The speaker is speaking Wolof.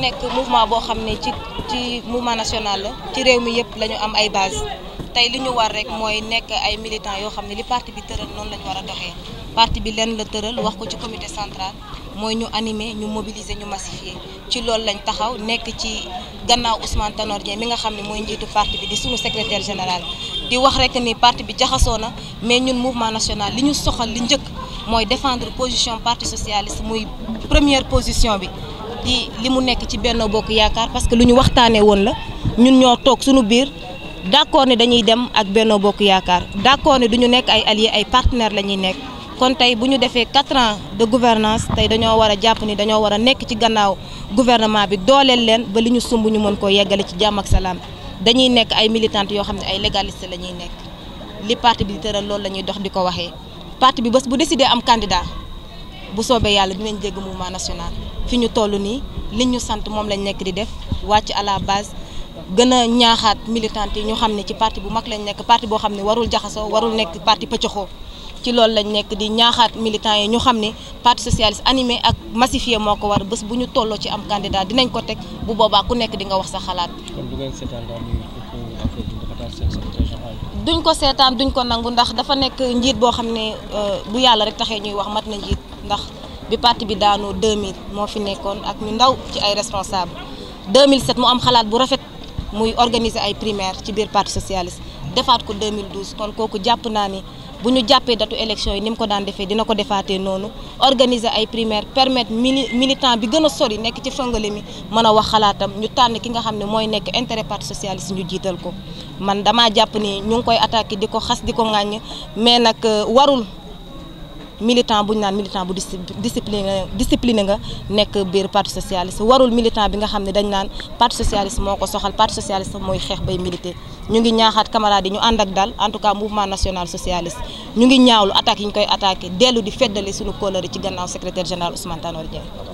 nekk mouvement boo xam ne ci ci mouvement national la ci réew mi yëpp lañu am ay base tey li ñu war rek mooy nekk ay militants yoo xam ne li parti bi tëral noonu lañu war a doxee parti bi leen la tëral wax ko ci comité central mooy ñu animer ñu mobiliser ñu massifier ci loolu lañ taxaw nekk ci gannaaw Ousmane Tanor mi nga xam ne mooy njiitu parti bi di suñu secrétaire général di wax rek ni parti bi jaxasoo na mais ñun mouvement national li ñu soxal li njëkk mooy défendre position parti socialiste muy première position bi ci li mu nekk ci Benno Bokk Yaakaar parce que lu ñu waxtaanee woon la ñun ñoo toog suñu biir d'accord ne dañuy dem ak Benno Bokk Yaakaar d'accord ne du ñu nekk ay alliés ay partenaires la ñuy nekk kon tey bu ñu defee quatre ans de gouvernance tey dañoo war a jàpp ni dañoo war a nekk ci gannaaw gouvernement bi dooleel leen ba li ñu sumb ñu mën koo yeggale ci jàmm ak salaam dañuy nekk ay militantes yoo xam ne ay légalistes la ñuy nekk li parti bi di tëral loolu la ñuy dox di ko waxee parti bi bés bu décidé am candidat bu soobee yàlla dinañ dégg mouvement national fi ñu toll nii li ñu sant moom lañ nekk di def wàcc à la base gën a ñaaxaat militant yi ñu xam ne ci parti bu mag lañ nekk parti boo xam ne warul jaxasoo warul nekk parti pëccëxoo ci loolu lañ nekk di ñaaxaat militants yi ñu xam ne parti socialiste animé ak massifié moo ko war bés bu ñu tolloo ci am candidat dinañ ko teg bu boobaa ku nekk di nga wax sa xalaat. duñ ko seetaan duñ ko nangu ndax dafa nekk njiit boo xam ne euh, bu yàlla rek taxee ñuy wax mat na ndax. bi parti bi daanoo 2000 moo fi nekkoon ak ñu ndaw ci ay responsable 2007 mu am xalaat bu rafet muy organiser ay primaire ci biir parti socialiste defaat ko 2012 kon kooku jàpp naa ni bu ñu jàppee datu élection yi ni mu ko daan defee dina ko defaatee noonu organiser ay primaire permettre mili militant bi gën a sori nekk ci fëngale mi mën a wax xalaatam ñu tànn ki nga xam ne mooy nekk intérêt parti socialiste ñu jiital ko man damaa jàpp ni ñu ngi koy attaqué di ko xas di ko ŋàññ mais nag euh, warul militant bu ñu naan militant bu discipliné discipliné nga nekk biir parti socialiste warul militant bi nga xam ne dañ naan parti socialiste moo ko soxal parti socialiste mooy xeex bay milité ñu ngi ñaaxaat camarades ñu ànd ak dal en tout cas mouvement national socialiste ñu ngi ñaawlu attaques yi ñu koy attaqué dellu di feddali suñu kóolëri ci gannaaw secrétaire général Ousmane Tanor Dieng